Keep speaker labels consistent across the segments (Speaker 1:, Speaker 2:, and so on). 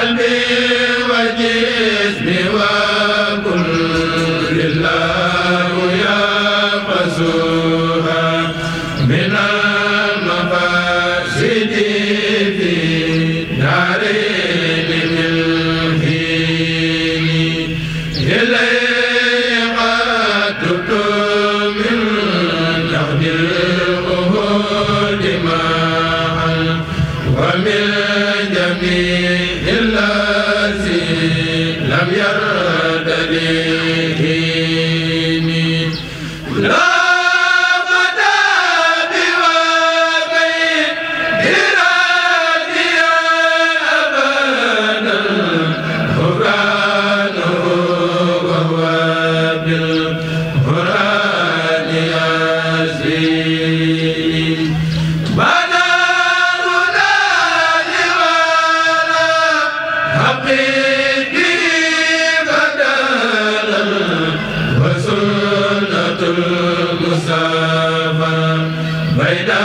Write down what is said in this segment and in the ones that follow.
Speaker 1: قلبي وجسمي bayda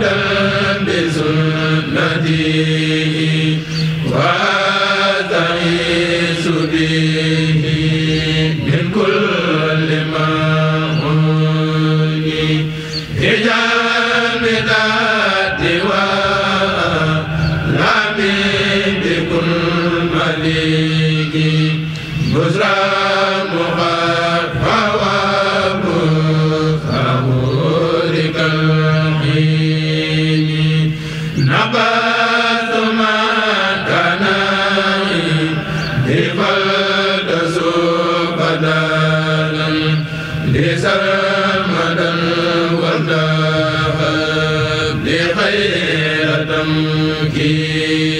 Speaker 1: عبدا بظلمته وتعيس به من كل مهون هجام ذات وألام بكل مليك بزران لغير تمكين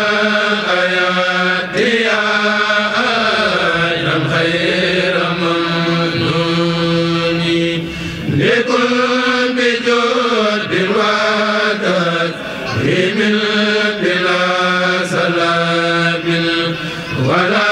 Speaker 1: wala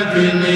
Speaker 1: bi